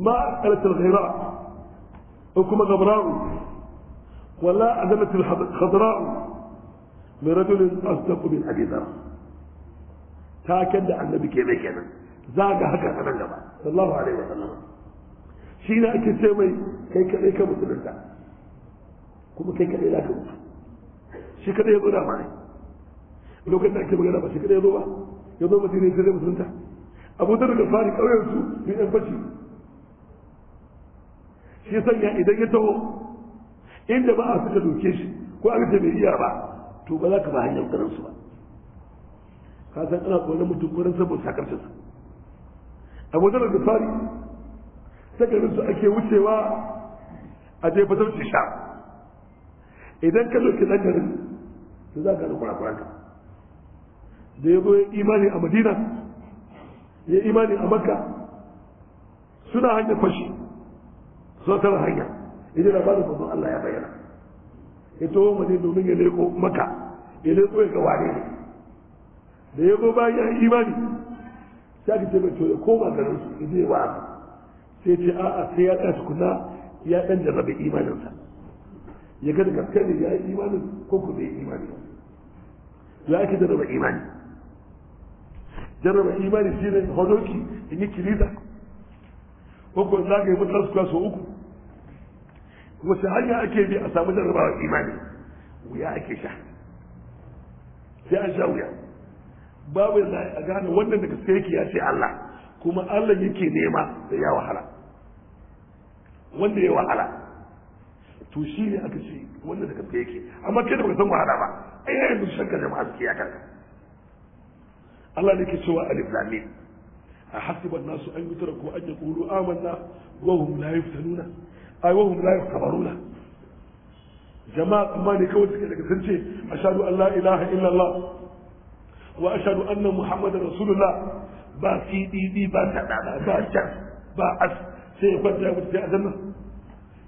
ما أكلت الغيراء وكما غبراء ولا عدمت الخضراء من أصدق من أبي ذر تاكد عن النبي كيما كان زاغ هكا أنا صلى الله عليه وسلم shi na ake ce mai kai kaɗai ka musulunta kuma kai kaɗai za ka mutu shi kaɗai ya zo da mai lokacin da ake magana ba shi ya zo musulunta daga fari ƙauyen su ne shi sanya idan ya taho inda ba a suka doke shi ko a rike bai iya ba to ba za ka ba hanyar karansu ba ka san ana kone mutum wurin saboda sakarsa su a wajen da fari sakarin su ake wucewa a je fasar sha idan ka doke ɗan garin to za ka ga kurakuran ka da ya goyi imani a madina ya imani a makka suna hanyar fashi so ta hanya idan labarin manzon Allah ya bayyana ito taho mu ne domin ya leko maka ya leko ya ga ware ne da ya go bayan ya yi imani sai aka ce mai to ya koma garin su ya je wa sai ce a'a sai ya su kuna ya ɗan jarrabe imaninsa ya ga da gaske ne ya yi imanin ko ku bai imani ya ake jarraba imani jarraba imani shi ne hodoki in yi kiriza ko ko za ka yi mutar su uku wace hanya ake bi a samu jarrabawar imani wuya ake sha sai an sha wuya babu yadda a gane wannan da gaske yake ya ce Allah kuma Allah yake nema da ya wahala wanda ya wahala to shi ne aka ce wannan da gaske yake amma kai da baka san wahala ba ai na yanzu shakka jama'a suke ya karka Allah ne ke cewa alif lam mim a hasiban nasu an ko an yaqulu amanna wa hum la nuna. ai wahum la yakbaruna jama'a kuma ne kawai suke daga sun ce ashhadu an la ilaha illallah wa ashhadu anna muhammadar rasulullah ba cdd ba sadada ba can ba as sai ya kwanta ya mutu a azan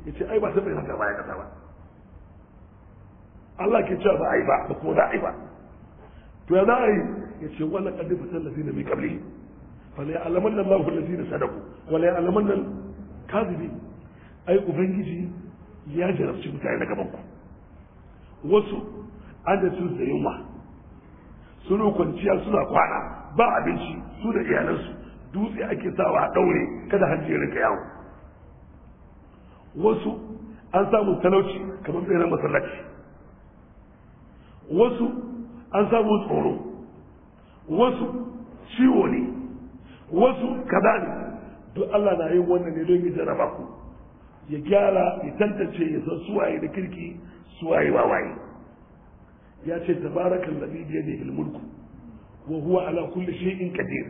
ya ce ai ba sai bai haka baya kasa ba Allah ke cewa ba ai ba ba kuma za a ba to ya za a yi ya ce wala kadin fatar lafi na mai kabli fa la ya alaman nan ba ku lafi na wala ya alaman nan kazibi ai ubangiji ya jarabci mutane na gabanku wasu an da sun da yunwa suna kwanciya suna kwana ba abinci su da iyalansu dutse ake sawa a ɗaure kada hanci ya rinka yawo wasu an samu talauci kamar tseren masallaci wasu an samu tsoro wasu ciwo ne wasu kaza ne duk Allah na yin wannan ne don yi jarraba ya gyara ya tantance ya san suwaye da kirki suwaye wawaye ya ce tabarakan da bibiya ne ilmulku wa huwa ala kulli shay'in qadir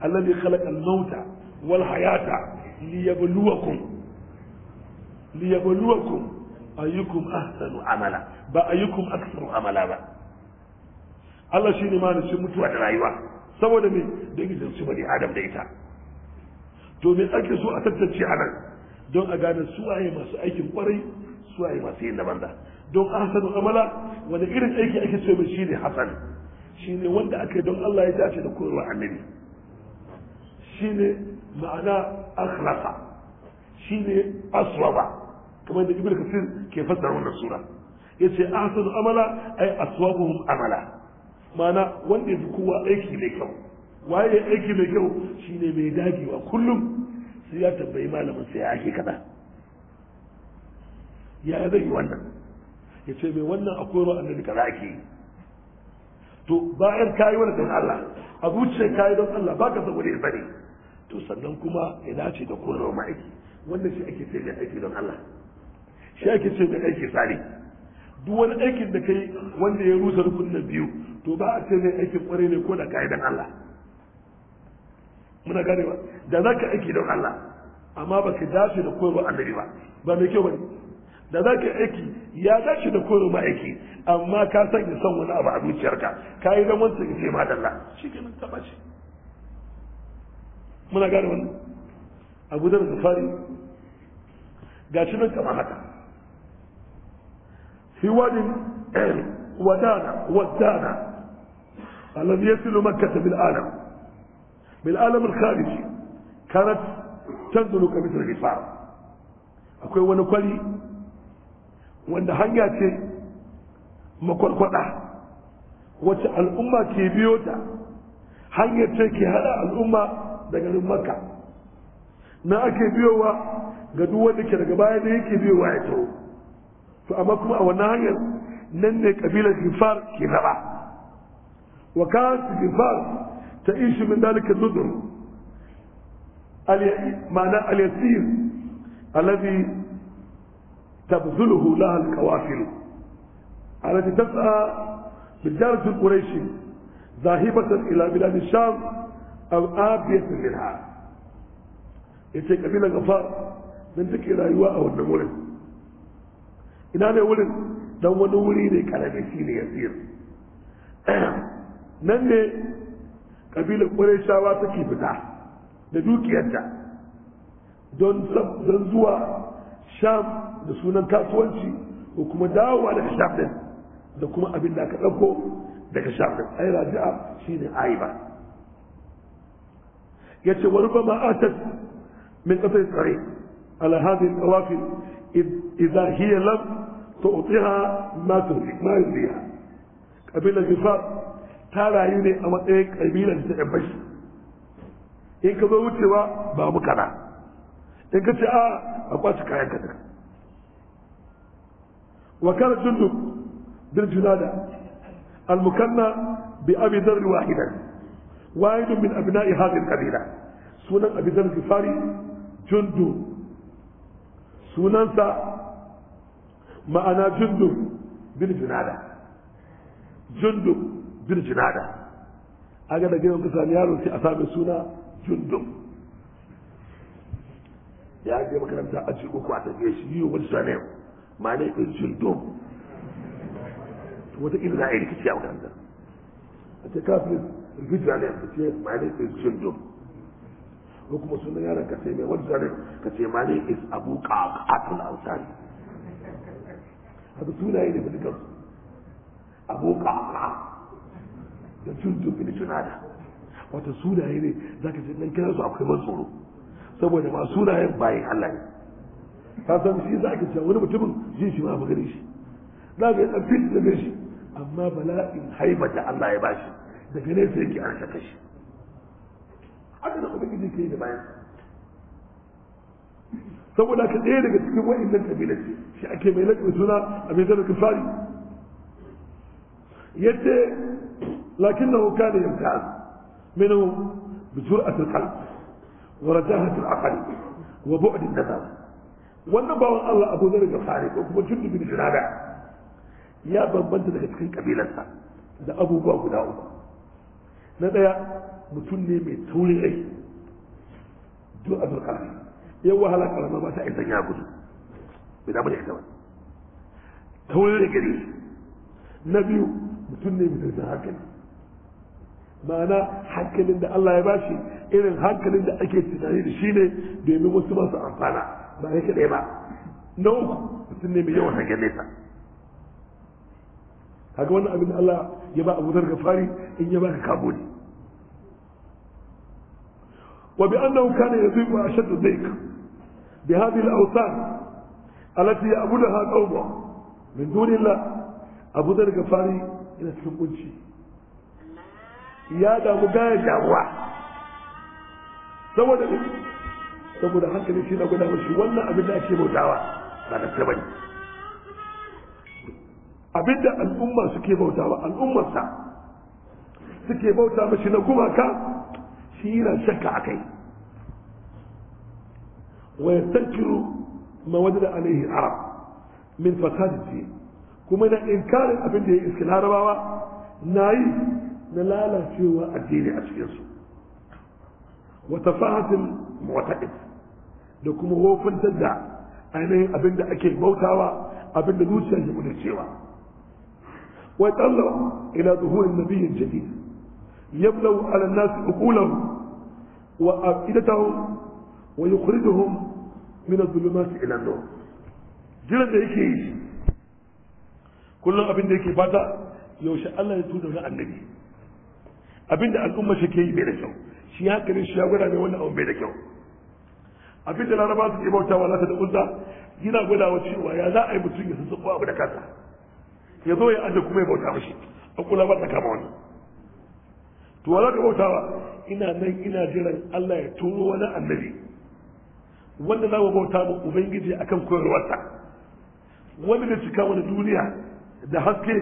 alladhi khalaqa al-mauta wal hayata liyabluwakum liyabluwakum ayyukum ahsanu amala ba ayyukum aktharu amala ba Allah shine shi mutuwa da rayuwa saboda me da yake shi bari adam da ita to me ake so a tantance anan don a gane suwaye masu aikin kwarai suwaye masu yin da. don a hasanu amala wani irin aiki ake so mai shine hasan shine wanda aka don Allah ya dace da koyarwa annabi shine ma'ana akhlasa shine aswaba kamar da ibnu kasir ke fassara wannan sura yace ahsanu amala ay aswabuhum amala ma'ana wanda yafi kowa aiki mai kyau waye aiki mai kyau shine mai dagewa kullum sai ya tambayi malamin sai ya ake kada ya yi zai yi wannan ya ce mai wannan akwai ruwan annabi kaza ake yi to bayan kayi wani don Allah a zuciyar kayi don Allah ba ka san wani bane to sannan kuma ya dace da koyarwa ma'aiki wannan shi ake ce mai aiki don Allah shi ake ce mai aiki tsari duk wani aikin da kai wanda ya rusa rukunin biyu to ba a ce mai aikin kwarai ne ko da kayi don Allah muna gane ba da za ka aiki don Allah amma ka dace da koyarwa annabi ba ba mai kyau ba da za ka aiki ya dace da koyarwa ma aiki amma ka sanya son wani abu a zuciyarka ka yi zaman ta ce ma dalla shi ke nan taba ce muna gane a abu da fari ga shi nan kama haka fi wani wadana wadana الذي يصل مكة بالعالم بالعالم الخارجي karat. tanzulu ka misal gisar akwai wani kwari wanda hanya ce makwarkwada wacce al'umma ke biyo ta hanyar ce ke hada al'umma daga garin makka na ake biyowa ga duk wanda ke daga baya da yake biyowa ya taho to amma kuma a wannan hanyar nan ne kabilar gifar ke raba wa kan gifar ta ishi min dalika zudur ma'ana al-yasir alladhi tabzuluhu laha al-kawafir التي تسعى بالدارة القريشي ذاهبة إلى بلاد الشام أو آبية منها yace kabilar gafar don take rayuwa a wannan wurin ina ne wurin don wani wuri ne karami shi ne yasir nan ne kabilar ƙwarai shawa take fita da dukiyarta don zuwa sham da sunan kasuwanci ko kuma dawowa daga sham din da kuma abin da aka ɗauko daga sham din ai raji'a shine aiba yace wa rubama atat min qatl tsari ala hadhihi al-awaqil idha hiya lam tu'tiha ma tuhdi ma yudiha kabilar gifar ta rayu ne a matsayin kabilar ta yabashi in ka zo wucewa ba mu kana in ka ce a a kwace kayan ka daga wa kana jundu bil junada al mukanna bi abi dharr wahidan wahid min abna'i hadhihi al qabila sunan abi dharr gifari Jundu sunansa ma'ana Jundu bil junada jundu bil junada aga da gidan kusa ne yaro sai a sami suna jundum ya je makaranta a cikin uku a tafiye shi yi wa zane ma ne ke jundum wataƙila za a yi rikici a makaranta a ce kafin rigija ne a ce ma ne ke jundum ko kuma suna yaran ka sai mai wani zane ka ce ma ne is abu a haka ne abu da ne wata sunaye ne za ka sai dan kira su akwai matsoro saboda ma sunayen bayan Allah ne ka san shi za ka cewa wani mutumin jin shi ma abu shi za ka yi ɗan fit da shi amma bala'in haiba da Allah ya bashi daga nesa yake an saka shi haka da kuma gidi ke da bayan saboda ka ɗaya daga cikin wa'annan kabilar ce shi ake mai laƙin suna a mai zarar kafari yace lakinnahu kana yamtaz منه بجرأة القلب ورجاهة العقل وبعد النظر wannan bawan Allah Abu Dharr Ghafari ko kuma Jundu bin Junada ya bambanta daga cikin kabilarsa da abubuwa guda uku na daya mutum ne mai taurin rai duk abin kalmi yan wahala kalma ba ta aisan ya gudu bai damu da ita ba taurin rai na biyu mutum ne mai zarafin hankali ma'ana hankalin da Allah ya bashi irin hankalin da ake tunani da shi ne domin wasu masu amfana ba ya kaɗai ba na uku ne mai yawan hangen nesa kaga wannan abin da Allah ya ba Abu Gafari in ya baka kabo ne wa bi annahu kana yazibu ashaddu dhayk bi hadhihi al-awsan allati يعبدها قومه من دون الله أبو ذر الغفاري ina cikin kunci ya damu gaya damuwa saboda ne saboda hankali shi na guda mashi wannan abin da ake bautawa ba da ta bane abin da al'umma suke bautawa al'ummarsa suke bauta mashi na gumaka shi yana shakka a kai wa yastankiru ma wajada alaihi arab min fasadati kuma na inkarin abin da ya iske larabawa na yi na lalacewa addini a cikinsu wata fahimtar muwata'id da kuma hofantar da ainihin abin da ake bautawa abin da zuciya ke cewa wai tsallo ila zuhurin nabiyin jadid yablau ala nasu uqulahum wa aqidatahum wa yukhrijuhum min adh-dhulumati ila an-nur jiran da yake yi kullum abin da yake fata yaushe Allah ya tura annabi abinda al'umma shi ke yi bai da kyau shi hankalin shi ya gwada mai wannan abu bai da kyau abinda laraba su ke bautawa nasa da uzza yana gwadawa cewa ya za a yi mutum ya sassu abu da kasa. ya zo ya aje kuma ya bauta mashi a kula ba kama wani to wa za ka bautawa ina nan ina jiran Allah ya turo wani annabi wanda za mu bauta ma ubangiji akan koyarwarsa wanda ya cika wani duniya da haske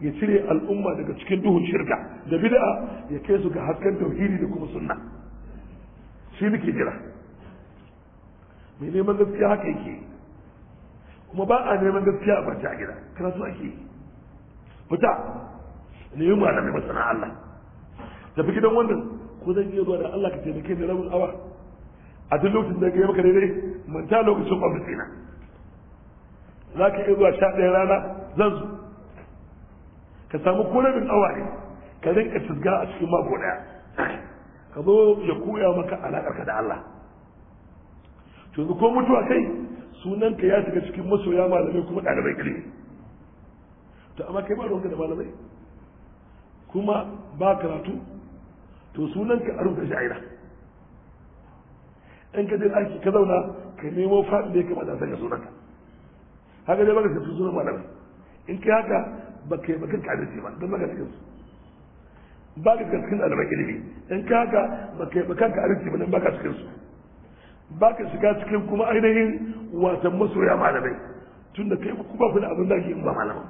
ya cire al'umma daga cikin duhun shirka da bid'a ya kai su ga hasken tauhidi da kuma sunna shi nake jira mai neman gaskiya haka yake kuma ba a neman gaskiya a barci a gida so ake yi fita nemi malamai masana Allah tafi gidan wannan ko zan iya zuwa da Allah ka taimake ni rabin awa a duk lokacin da ga maka daidai manta lokacin ofisina za ka iya zuwa sha ɗaya rana zan zo ka samu kore min awa ne ka rinka fisga a cikin mako daya ka zo ya koya maka alaƙar ka da Allah to ko mutuwa kai sunan ka ya shiga cikin masoya malamai kuma ɗalibai ilimi to amma kai ba ruwanka da malamai kuma ba karatu to sunan ka a rubuta aina in ka je aiki ka zauna ka nemo faɗi da ya kamata a sanya sunanka haka dai baka sanya sunan malamai in kai haka ba kai ba kan ba don baka cikin su ba ka cikin ɗaliban ilimi in ka haka baka kai ba kan kadirci ba don baka cikin su ba ka shiga cikin kuma ainihin wasan masoya malamai tun da kai kuma fi da abin da ake ba malaman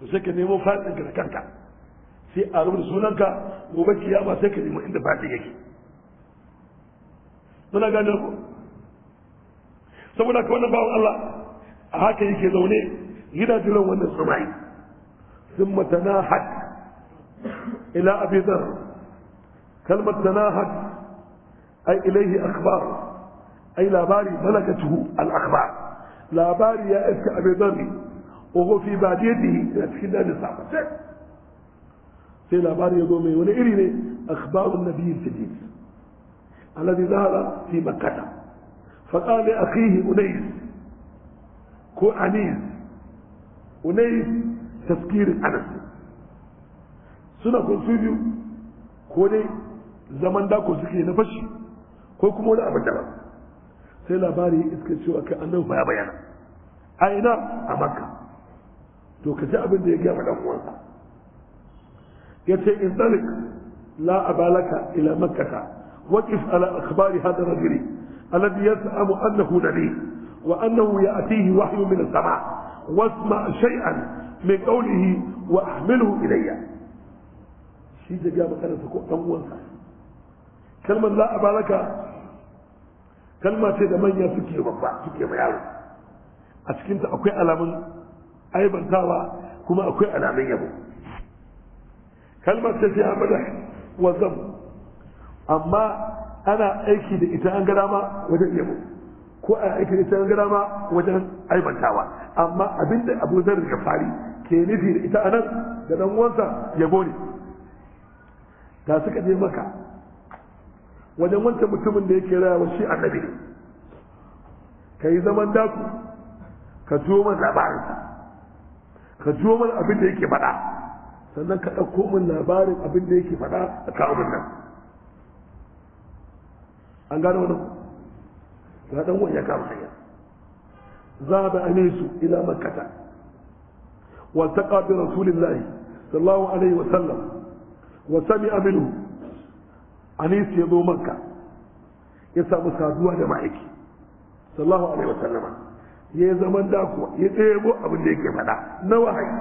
ba sai ka nemo fadin ka da kanka sai a rubuta sunanka gobe kiyama sai ka nemo inda fadin yake muna gane ku saboda ka wannan bawan Allah a haka yake zaune ينادي له وانا ثم تناحت الى ابي ذر كلمة تناهج اي اليه اخبار اي لاباري ملكته الاخبار لاباري يا اسك ابي ذر وهو في باديته لتكيد ان يصعب في لاباري يدومي ولئلين اخبار النبي الجديد الذي ذهب في مكة فقال لأخيه أنيس كو أنيس unai taskirin anas suna kun su biyu ko dai zaman dako suke na fashi ko kuma wani abin daban sai labari iska cewa kai annabi ya bayana a ina a makka to ka ji abin da ya gaya dan uwansa ya ce in tsalik la abalaka ila makkata waqif ala akhbari hadha rajuli alladhi yas'amu annahu nabi wa annahu ya'tihi wahyu min as-sama' واسمع شيئا من قوله واحمله الي shi da biya makaranta ko ɗan كلمه kalmar la a baraka kalma ce da manya suke babba suke ma yaro a cikinta akwai alamun aibantawa kuma akwai alamun yabo kalmar ce ta amada wa zam amma ana aiki da ita an gada ma wajen yabo ko a aiki da gada ma wajen aibantawa amma abinda abu zar da fari ke nufi da ita anan da dan uwansa ya gone ta suka je maka wajen wancan mutumin da yake rayuwa shi annabi ne ka yi zaman daku ka jiwo labarin labarinsa ka jiwo man abin da yake faɗa sannan ka ɗauko min labarin abin da yake faɗa a kawo nan an gano wani ga dan uwan ya kama hanya zaba anisu ila makkata wa taqa bi rasulillahi sallallahu alaihi wa sallam wa sami'a minhu anis ya zo makka ya samu saduwa da ma'aiki sallallahu alaihi wa sallama ya zaman da kuwa? ya ɗebo abin da yake faɗa na wahayi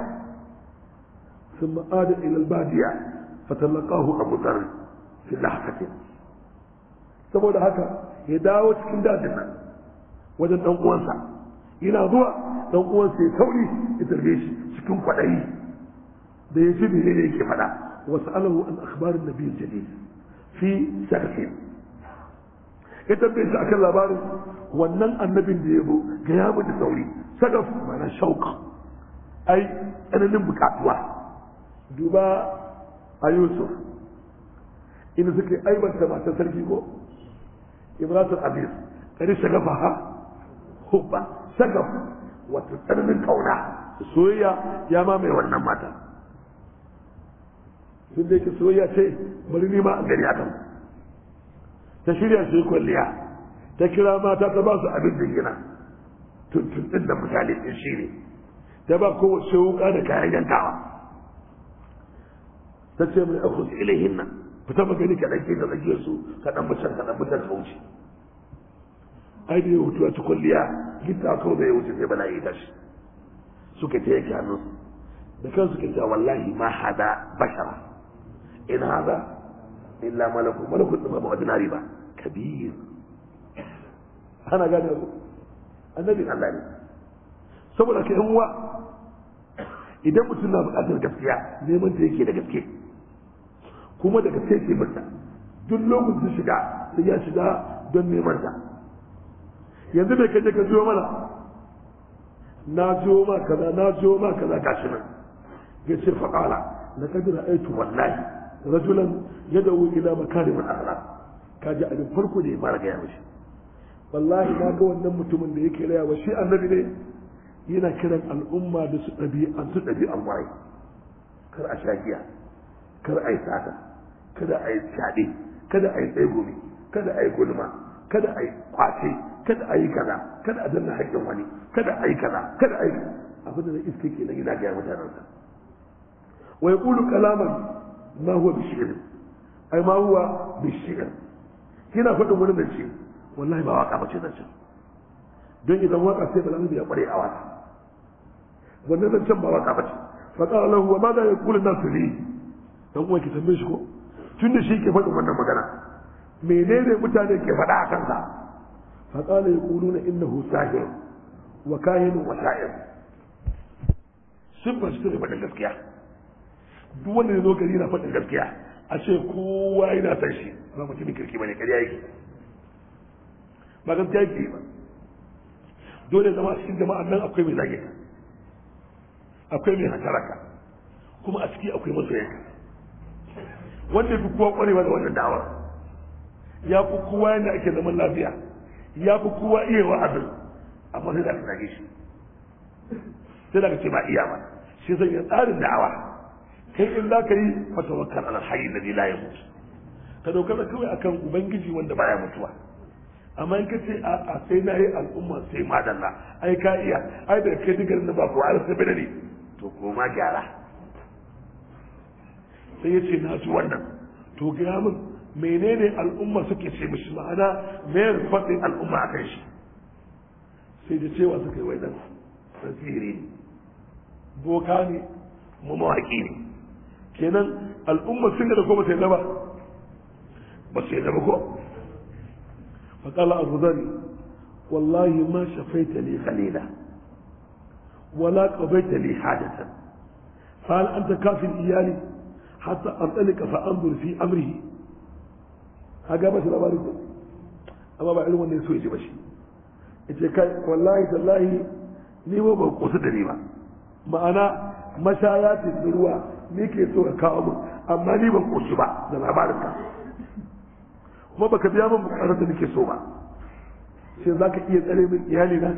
ثم عاد إلى البادية فتلقاه أبو ذر في لحظة saboda haka ya dawo cikin dajin nan wajen dan uwansa yana zuwa ɗan uwansa ya sauri ya tarbe shi cikin kwaɗayi da ya ji menene yake faɗa wasu alahu an akhbarin nabiyyi jalil fi shakhsin ya tambaye shi akan labarin wannan annabin da ya zo ga ya da sauri sagaf mana shauk ai tsananin bukatuwa duba a yusuf inda suke aibanta matan sarki ko ibratul abis kare shagafa ha hubba shagaf wato tsananin kauna soyayya ya mamaye wannan mata tun da yake soyayya ce bari nima a gari akan ta shirya su kwalliya ta kira mata ta ba su abin da gina tuntun din da misali din shi ne ta ba kowace wuka da kayan yankawa ta ce mai akwai ilayhin nan fita maka ne kaɗan ke da tsakiyar su kaɗan mutan kaɗan mutan ka wuce ai da ya hutu a tukulliya gita kawai da ya wuce sai bala'i ya tashi suka ce yake hannun da kan suka ce wallahi ma hada bashara in hada illa malaku malaku da ba nari ba kabir ana gane ku annabin Allah ne saboda ka yan uwa idan mutum na buƙatar gaskiya neman ta yake da gaske kuma daga teke mata duk lokacin shiga sai ya shiga don neman ta yanzu mai kaje ka jiyo mana na jiyo ma kaza na jiyo ma kaza gashi nan ya ce faƙala na kaji na aitu wallahi rajulan ya dawo ila makarimin Ka kaji abin farko da ya fara gaya shi. wallahi na ga wannan mutumin da yake raya wa shi annabi ne yana kiran al'umma da su ɗabi'an su ɗabi'an wai kar a sha kar a yi sata kada a yi fyaɗe kada a yi tsegumi kada a yi gulma kada a yi kwace kada a yi kaza kada a danna haƙƙin wani kada a yi kaza kada a yi abin da iske ke na gina gaya mutanensa wa yaqulu kalaman ma huwa bi shi'r ai ma huwa bi shi'r kina faɗin wani da ce wallahi ba waka bace da can don idan waka sai balan biya ƙware a waka wannan da can ba waka bace fa qala lahu wa ma da yaqulu an-nas li dan uwa ki tambaye shi ko tun da shi ke faɗin wannan magana menene mutane ke faɗa a kansa fa qala yaquluna innahu sahir wa kahin wa sha'ir sun ba su da faɗin gaskiya duk wanda ya zo gari na faɗin gaskiya a ce kowa yana san shi ba mutumin kirki bane ƙarya yake ba gaskiya yake ba dole zama cikin jama'a nan akwai mai zage akwai mai hasaraka kuma a ciki akwai masoyanka wanda fi kowa kwarewa da wannan da'awar ya fi kowa yadda ake zaman lafiya ya fi kowa iya wa abin amma sai da ka zage shi sai da ka ce ba iya ba shi zan yi tsarin da'awa kai in za ka yi fata wakar alhayi na nila ya mutu ka da kawai akan ubangiji wanda baya mutuwa amma in ka ce a sai na yi al'umma sai madalla ai ka iya ai da kai digarin da ba ku har sai ne to koma gyara sai ya ce na ji wannan to gaya min menene al'umma suke ce mishi ma'ana mayar faɗin al'umma a kai shi sai da cewa suka yi wai dan tsiri ne boka ne mu mawaƙi ne kenan al'umma sun gada ko ba ta ba ba zaba ko faƙala abu zari wallahi ma shafaita ne khalila wala qabaita ne hadatan fa anta kafin iyali hatta abdalika fa an fi amri kaga ba shi labarin ko amma ba irin wannan so ya ji ba shi yace kai wallahi tallahi ni ba ban kusa da ni ba ma'ana mashaya ce ruwa ni ke so ka kawo mun amma ni ban kusa ba da labarin ka kuma baka biya min bukatar da nake so ba sai za ka iya tsare min iyali na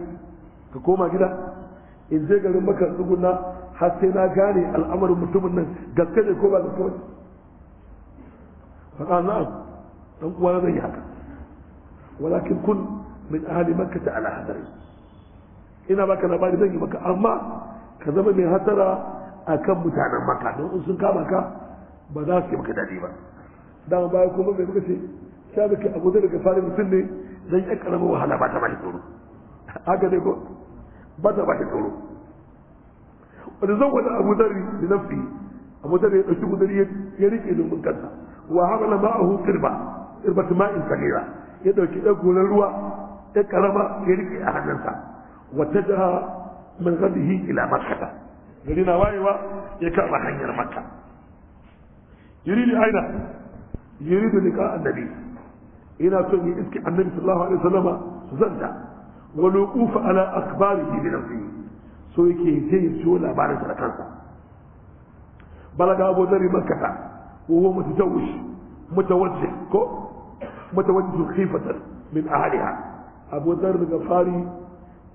ka koma gida in je garin maka tsuguna har sai na gane al'amarin mutumin nan gaske ne ko ba gaske ba faɗa na'am dan uwa zan yi haka walakin kun min ahli makka ta ala hadari ina baka labari zan yi maka amma ka zama mai a kan mutanen maka don in sun kama ka ba za su yi maka daɗi ba dama baya kuma mai muka ce sha da ke abu da daga fari mutum ne zan yi ƙaramin wahala ba ta ba shi tsoro haka ne ko ba ta ba shi tsoro فتزوج أبو ذر لنفسه أبو ذر يشوف ذر يريك إذن من كذا وعمل معه قربة قربة ماء صغيرة يدرك يقول الروا تكرم يريك أحد أحدنسا وتجه من غده إلى مكة يرينا وايوا يكرم حنير مكة يريد أين يريد لقاء النبي إلى سنة إذك النبي صلى الله عليه وسلم زندا ولوقوف على أخباره بنفسه so yake zai ya ciwo labarin sa da kansa balaga abu zari makkata wa huwa mutajawwish mutawajjih ko mutawajjih khifatan min ahliha abu zar daga fari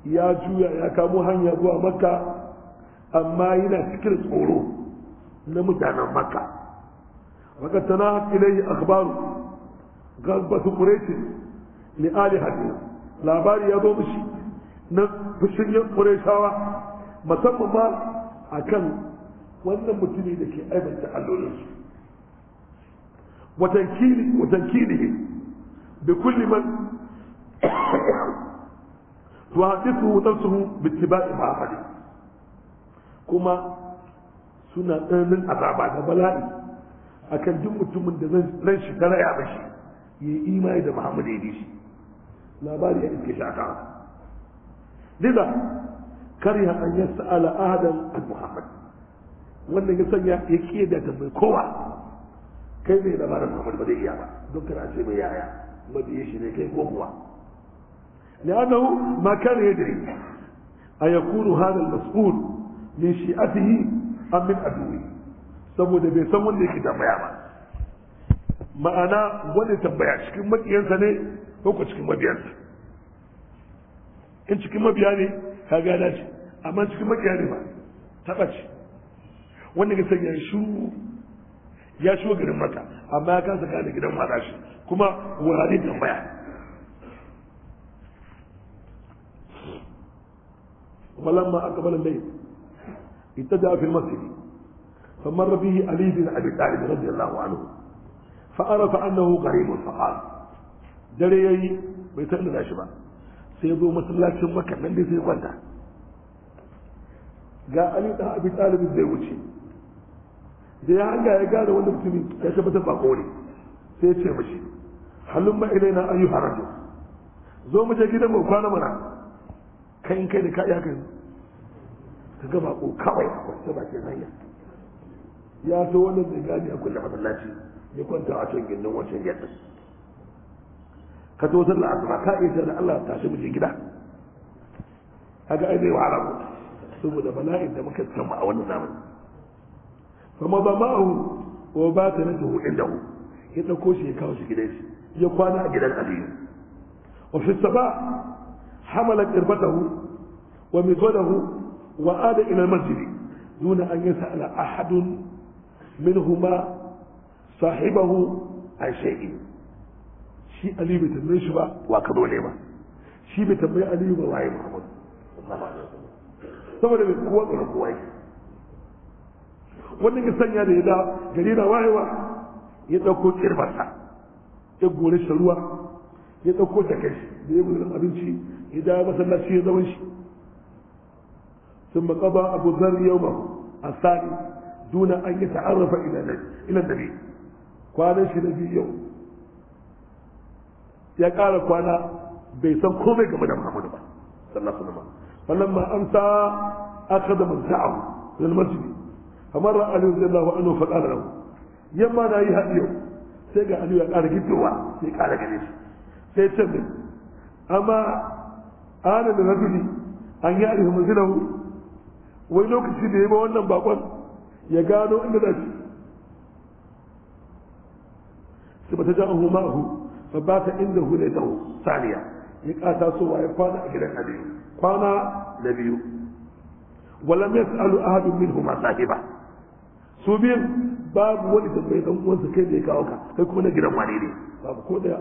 ya juya ya kamo hanya zuwa makka amma yana cikin tsoro na mutanen makka وقد تناهت إليه أخبار غلبة قريش لآلهته labari ya zo mishi na fushiyyar ƙureshawa musamman ma a kan wannan mutumi da ke aibanta allolinsu watankilihi da kulli man tuhadithu nafsuhu bi ba ma ahadi kuma suna tsananin azaba da bala'i akan duk mutumin da zan shi karaya mashi ya yi imai da Muhammadu ya shi labari ya iske shaka لذا كره أن يسأل أهدا عن محمد وأن يسأل يكيد تنبي كوى كيف يدبر محمد بدي إياه دكتور عزيمة يا يا بدي يشري كيف وهو لأنه ما كان يدري أيكون هذا المسؤول من شيئته أم من أدوه سمو سمو اللي كتاب يا yake tambaya ba ma'ana wanda tambaya cikin makiyansa ne ko cikin mabiyansa in cikin mabiya ne ka ga dace amma cikin makiya ne ba taɓa ce wanda ga sanya shiru ya shigo garin maka amma ya kansa kada gidan mata shi kuma wurare tambaya ولما أقبل الليل اتجأ في المسجد فمر به علي بن أبي طالب رضي الله عنه فعرف أنه قريب فقال دريي shi ba. sai zo masallacin maka nan dai sai kwanta ga ali da abi talibin zai wuce da ya hanga ya gane wanda mutumin ya tabbatar ba kore sai ya ce mashi halin ma na ayu haraju zo mu je gidan mu kwana mana kai in kai da kai ka ga bako kawai a ba ke hanya ya so wannan zai gane a masallaci ya kwanta a can gindin wancan yadda ka dozar da asuba ka isa da Allah ta shi muje gida kaga ai bai wahala ko saboda bala'in da muka samu a wannan zamani fa ma zama'u wa batanatuhu indahu ya dauko shi ya kawo shi gidan shi ya kwana a gidan aliyu wa fi saba hamalat irbatahu wa mizadahu wa ada ila al-masjid دون أن يسأل أحد منهما صاحبه عن شيء shi ali bai tambaye shi ba wa ka dole ba shi bai tambaye ali ba waye muhammad saboda bai kowa tsoron kowa yi wannan ya sanya da ya da gari na wayewa ya ɗauko kirbarsa ya gore shi ruwa ya ɗauko jakar shi da ya gudunar abinci ya dawo masallaci ya zama shi ثم قضى أبو duna an الثاني دون أن يتعرف إلى النبي shi شنبي يوم ya ƙara kwana bai san komai game da Muhammadu ba sallallahu alaihi wasallam falamma amsa akhadha man sa'u lil masjid amara ali radiyallahu anhu fa qala lahu yamma na yi hadiyo sai ga ali ya ƙara gidowa sai ƙara gare shi sai ce min amma ana da rabbi an yi arihu manzilahu wai lokaci da ya ba wannan bakon ya gano inda da shi sai ba ta ja'ahu ma'ahu fa ba ta inda hule ta saniya ya kata so wa ya kwana a gidan ali kwana na biyu wala mai sa'alu ahadu min huma ba su biyun babu wani tambayi ɗan uwansa kai da ya kawo ka kai kuma na gidan wani ne babu ko daya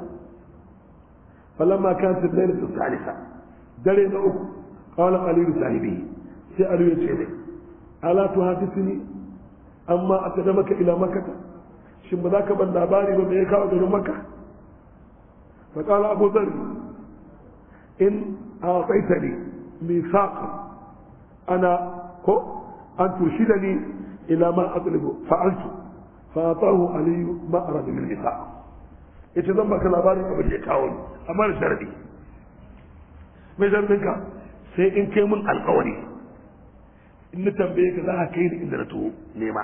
falamma kan ta lailatul Alisa dare na uku qala aliyu biyu sai aliyu ya ce ne hafi tuhaddithuni amma atadamaka ila makkah shin ba za ka ban labari ba me ya kawo garin maka. فقال أبو ذر إن أعطيتني ميثاقا أنا أن ترشدني إلى ما أطلبه فعلت فأعطاه علي ما أراد من الميثاق يتذمر كالأباري أبو اليكاون أما الشربي mai zarbinka sai in kai mun alkawari in tambaye ka za ka kai ni inda na tuwo nema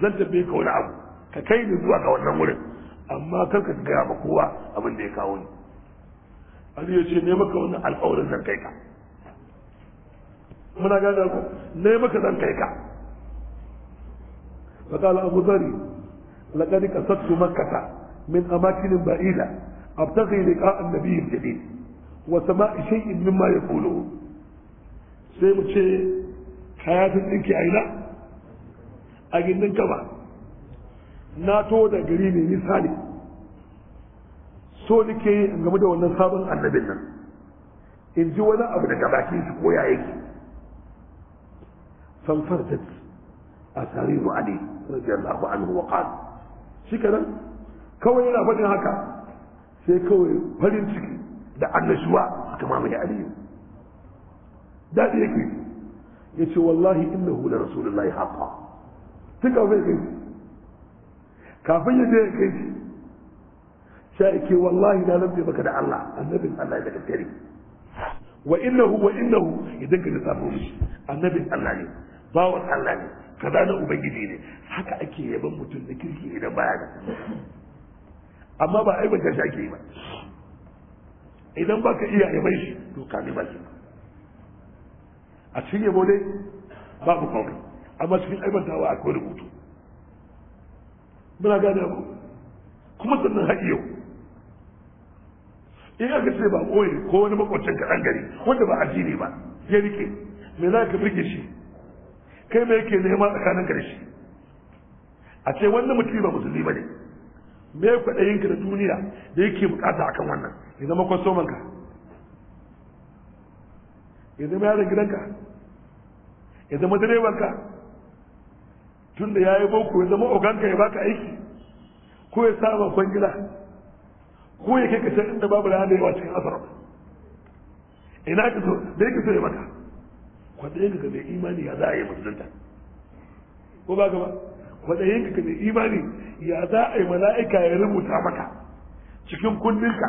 zan tambaye ka wani abu ka kai ni zuwa ga wannan wurin amma kar ka gaya ba kowa abin da ya kawo ni Ali ya ce ne maka wannan alƙawarin zan kai ka muna gane ku ne maka zan kai ka فقال أبو ذر لقد قصدت مكة من أماكن بعيدة أبتغي لقاء النبي الجديد وسماء شيء مما يقوله سيمتشي حياة الإنك أين أجنن كمان na to da gari ne nisa so nake ke in game da wannan sabon annabin nan in ji wani abu daga bakin shi koya yake fanfar da a tarihi rajiyar radiyallahu an wa kan shi nan kawai yana faɗin haka sai kawai farin ciki da annashuwa a kama mai aliyu daɗi yake ya ce wallahi innahu rasulun lai haka tun kafin kai kafin ya zai kai shi sai ke wallahi na lambe baka da Allah annabin Allah ya daga gare wa innahu wa innahu idan ka lissafo shi annabin Allah ne wa Allah ne kaza na ubangiji ne haka ake yaban mutum da kirki idan baya da amma ba ai baka shake ba idan baka iya yaban shi to ka ne shi a cikin yabo dai babu kawai amma cikin aibantawa akwai rubutu muna gane abu kuma sannan har yau in aka ce ba koyi ko wani makwacin ka ɗan gari wanda ba addini ba ya rike me za ka rike shi kai me yake nema tsakanin karshe a ce wannan mutum ba musulmi ba ne me kwaɗayin ka da duniya da yake bukata akan wannan ya zama kwastoman ka ya zama yaron gidanka ya zama direban ka tun da ya yi boko ya zama oganka ya baka aiki ko ya saba kwangila ko ya kai kashe inda babu rana da yawa cikin asar ina ka so da ya so ya maka kwaɗayin ka mai imani ya za a yi musulunta ko ba gaba kwaɗayin ka mai imani ya za a yi mala'ika ya rubuta maka cikin kundinka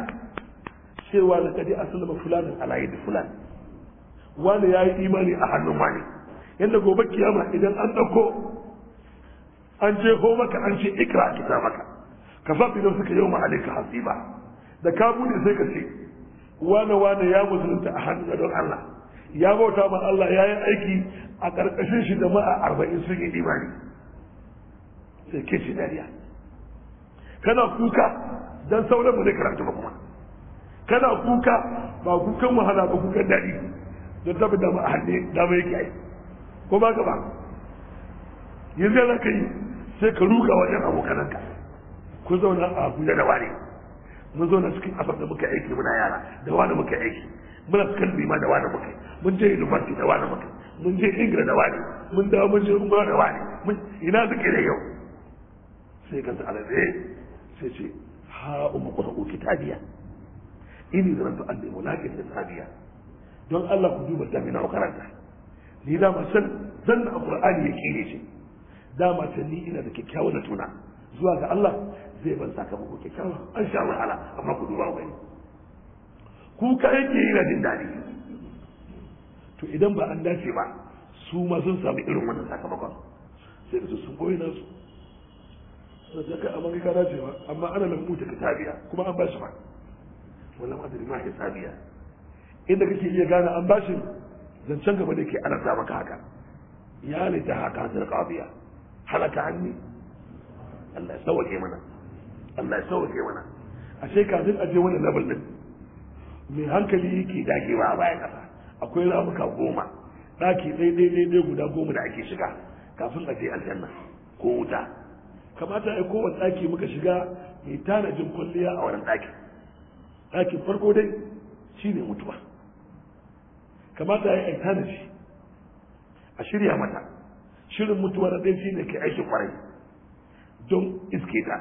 cewa da kadi asalama fulanin alayi da fulan wani ya yi imani a hannun wani yadda gobe kiyama idan an ɗauko an jeho maka an ce ikra maka ka fa idan suka yau ma'alika hasiba da ka bude sai ka ce wane wane ya musulunta a hannun da don Allah ya bauta ma Allah ya yi aiki a ƙarƙashin shi da a arba'in sun yi imani sai ke shi dariya kana kuka don sauran mu zai karatu ba kuma kana kuka ba kukan wahala ba kukan daɗi don tabi da ma a hannu dama yake aiki ko ba ka ba yanzu yana ka yi sai ka ruga wa abokananka ku zauna a abuja da wani mun zauna cikin afar da muka aiki muna yara da wani muka aiki muna kalbi ma da wani muka mun je university da wani muka mun je ingila da wani mun dawo mun je rumba da wani mun ina suke da yau sai ka tsara zai sai ce ha umu qura'u tabiya ini zanantu anni mulakin tabiya don Allah ku duba jami'a ku karanta ni da ma san zanna alqur'ani yake ne shi. dama ta ni ina da kyakkyawan tuna zuwa ga Allah zai ban sakamako kyakkyawa an sha wahala amma ku duba wani kuka yake yana jin daɗi to idan ba an dace ba su ma sun sami irin wannan sakamakon sai da su sun goyi nasu da jaka a man ka dace ba amma ana lamu ta kitabiya kuma an bashi ba wala ma adri ma hisabiya inda kake iya gane an bashi zancen gaba da ke ana maka haka ya ne ta haka ta qabiya halaka hannu Allah ya sauke mana Allah ya sauke mana ashe kafin a je wani level din mai hankali yake dagewa a bayan kasa akwai ramuka goma daki dai dai dai guda goma da ake shiga kafin a je aljanna ko wuta kamata ai kowace daki muka shiga mai tanajin kwalliya a wannan daki dakin farko dai shine mutuwa kamata ai shi. a shirya mata shirin mutuwa na ɗaya shine ke aiki kwarai don iske ta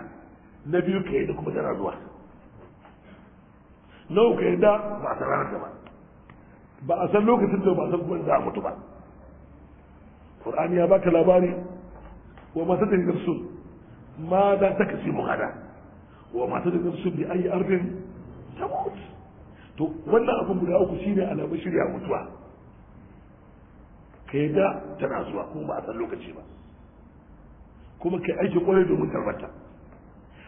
na biyu ka da kuma tana zuwa nawa ka da ba a san ranar ba ba a san lokacin da ba a san kuma za a mutu ba ƙurani ya baka labari wa masu da sun ma za ta kasi muhada wa masu da nafsu bi arfin ta mutu to wannan abin guda uku shine alamun shirya mutuwa ka da tana zuwa kuma ba a san lokaci ba kuma kai aiki kwarai domin karbata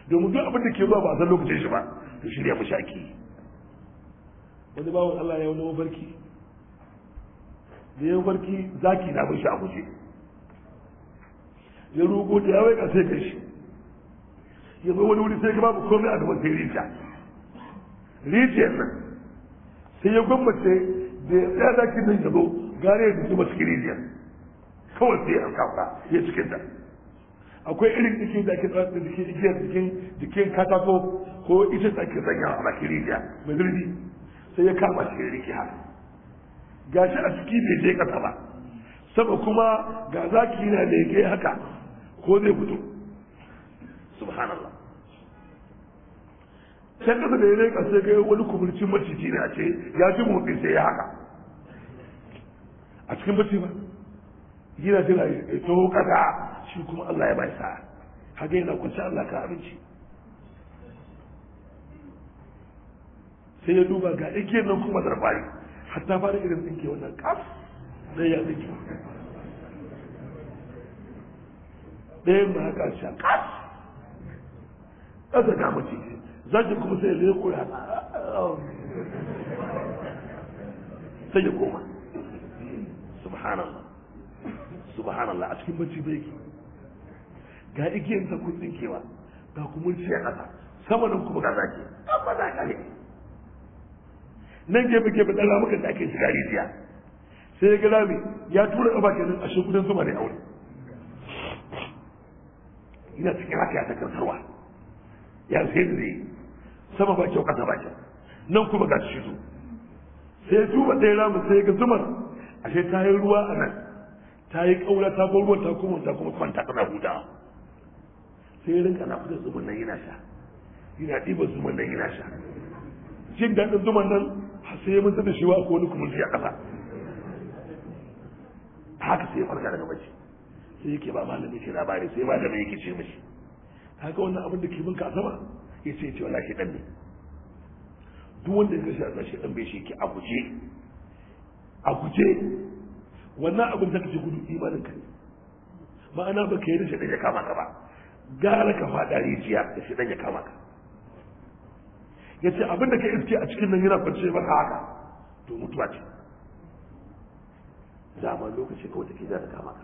domin duk abin da ke zuwa ba a san lokacin shi ba to shirya mu shaki wani bawan Allah ya wani mafarki da ya mafarki zaki na mun shi a guje ya rugo da wai ka sai kai shi ya zo wani wuri sai ka babu komai a gaban sai rijiya rijiyar nan sai ya gwammace da ya tsaya zaki nan ya zo gare da zuba cikin rijiyar kawai sai ya kafa ya cikin ta akwai irin jikin da ake tsawon jikin igiyar jikin jikin katako ko ita da ake zanya a bakin rijiya mai zurfi sai ya kama shi ya rike ga shi a ciki bai je kasa ba saba kuma ga zaki na leke haka ko zai fito subhanallah sai kasa da ya leka sai ga wani kumurcin maciji na ce ya ji motsi sai ya haka a cikin bacci ba yana jira ya taho kasa shi kuma Allah ya bai sa haka yana kwanci Allah ka abinci sai ya duba ga igiyar nan kuma zarfari hatta fara irin tsinke wannan kaf sai ya tsinke ɗayan ma haka shi kaf ƙasa ga mace zaki kuma sai ya zai kura sai ya koma subhanallah subhanallah a cikin bacci bai ke ga igiyar ta kun tsinkewa ga kuma ce kasa sama nan kuma kaza ke amma za ka ne nan gefe gefe dan ramukan da ake shiga rijiya sai ya gada me ya tura ke nan a shekudan zuma ne aure ina cikin haka ya ta karsarwa ya sai da zai sama ba kyau kasa ba kyau nan kuma ga shi zo sai ya tuba ɗaya ramu sai ya ga zumar ashe ta yi ruwa a nan ta yi ƙaura ta bar ruwan ta kuma ta kuma kwanta tana huta sai rinka na fitar zuman nan yana sha yana ɗiba zuman nan yana sha jin daɗin zuman nan sai mun sanar shi wa ko wani kuma a ƙasa haka sai farka daga bacci sai yake ba malami ke labari sai malami yake ce mishi haka wannan abin da ke bin ka sama ya ce ce wala shi ɗan ne duk wanda ya kashe a ƙarshe ɗan bai shi ke a guje a guje wannan abin da kace gudu imanin ka ma'ana ba ka yi da shaɗan ya kama ka ba gara ka faɗa rijiya da shaɗan ya kama ka ya ce abin da ka iske a cikin nan yana farce maka haka to mutuwa ce ma lokaci kawai da ke da kama ka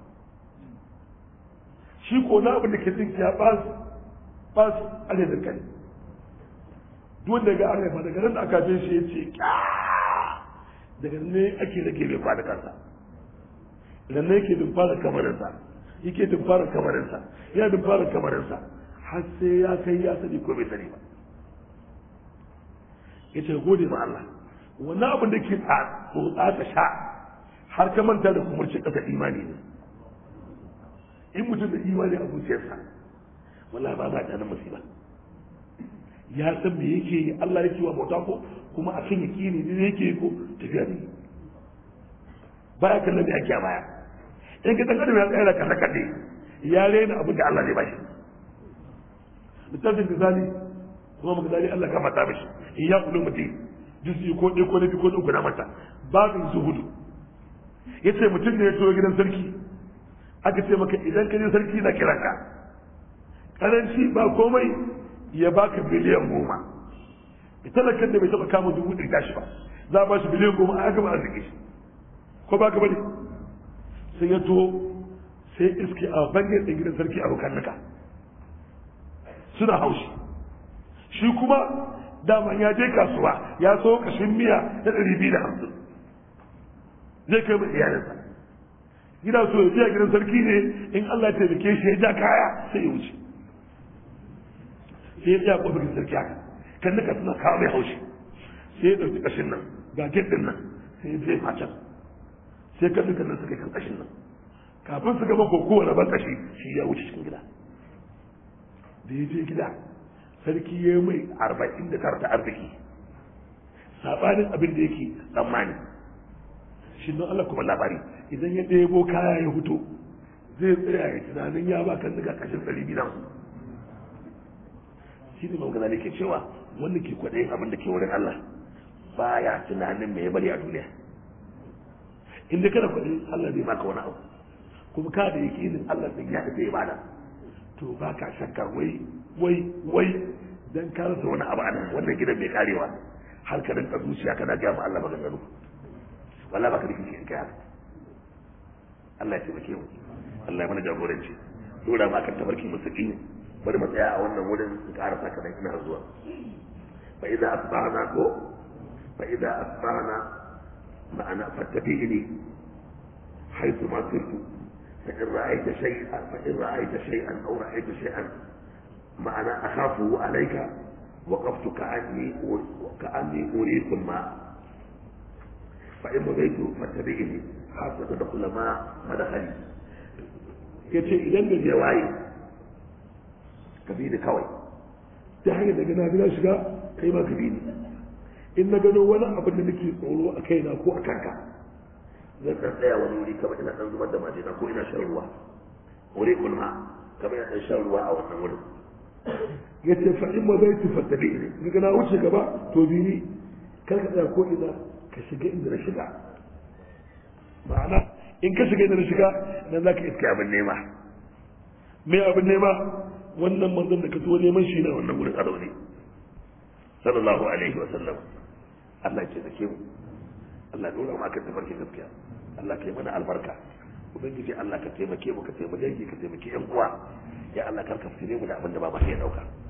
shi ko na abin da ke jin ya ba su ba su alaihin kai duk da ga arewa daga nan da aka je shi ya ce kyaa daga ne ake rage mai kwana kansa da ne ke dumfara kamarinsa yake dumfara kamarinsa ya dumfara kamarinsa har sai ya kai ya sani ko bai sani ba ya ce gode ma Allah wani abin da ke tsotsa ta sha har ka manta da kumurci ƙasa imani ne in mutum da imani a zuciyarsa wallahi ba za ta nan musiba ya san me yake Allah yake wa bauta ko kuma a kan kini ne yake ko tafiya ne baya kallon da ake a baya in ka tsakar da mai tsaye da kasa kaɗe ya rena abin da Allah zai bashi misalin misali kuma misali Allah ka mata mishi in ya kulu mutum su yi ko ɗaya ko na biyu ko uku na mata babin hudu ya ce mutum ne ya turo gidan sarki aka ce maka idan ka je sarki na kiranka karanci ba komai ya baka biliyan goma talakan da bai taba kama dubu ɗari tashi ba za ba shi biliyan goma a gaba arziki a shi ko ba ka bane sai ya to sai iske a bange da gidan sarki abokan naka suna haushi shi kuma dama ya je kasuwa ya so kashin miya na ɗari biyu da hamsin zai kai mai iyalinsa gida so ya gidan sarki ne in Allah ya taimake shi ya ja kaya sai ya wuce sai ya tsaya da sarki haka kan nika suna kawo mai haushi sai ya ɗauki ƙashin nan ga gidin nan sai ya zai facen sai ka duka nan suka kan ƙashin nan kafin su gaba koko na ban ƙashi shi ya wuce cikin gida da ya je gida sarki ya yi mai arba'in da tara ta arziki saɓanin abin da yake tsammani shi nan Allah kuma labari idan ya ɗebo kaya ya fito zai tsaya ya tunanin ya ba kan daga ƙashin ɗari biyu shi ne magana da ke cewa Wannan ke kwaɗayin abin da ke wurin Allah ba ya tunanin me ya bari a duniya in dai kana kwaɗayin Allah zai maka wani abu kuma ka da yake yin Allah zai ya zai bada to ba ka shakka wai wai wai dan ka rasa wani abu a nan wannan gidan bai karewa har ka rinka zuciya kana gaya ma Allah maganganu wallahi baka da kike in kai Allah ya taimake mu Allah ya mana jagoranci dora ma kan tabarki musulmi bari mu tsaya a wannan wurin in ƙara sa kadan ina zuwa fa idza asbahna ko fa idza asbahna ma'ana fattabi'ni haythu ma kuntu fa in ra'aita shay'an fa in ra'aita shay'an aw ra'aita shay'an وقفت كأني كأني أريك الماء فإن بغيت فاتبعني حتى تدخل ما مدخلي yace idan da je waye ka bi da hanyar da gina gina shiga kai ma ka bi ni in na gano wani abin da nake tsoro a kaina ko a kanka zan dan tsaya wani wuri kamar ina dan zubar da na ko ina shan ruwa wuri kulma kamar ina dan shan ruwa a wannan wurin ya ce fa'in ma zai tufattabi ne ga na wuce gaba to bi ni kar ka tsaya ko ina ka shiga inda na shiga ma'ana in ka shiga inda na shiga nan za ka iske abin nema me abin nema wannan manzon da ka zo neman shi na wannan wurin a zaune sallallahu alaihi wa sallam Allah ke zake mu Allah dora mu akan tafarki gaskiya Allah kai mana albarka ubangiji Allah ka taimake mu ka taimake ki ka taimake yan uwa ya Allah karka fitire mu da abin da ba ba sai ya dauka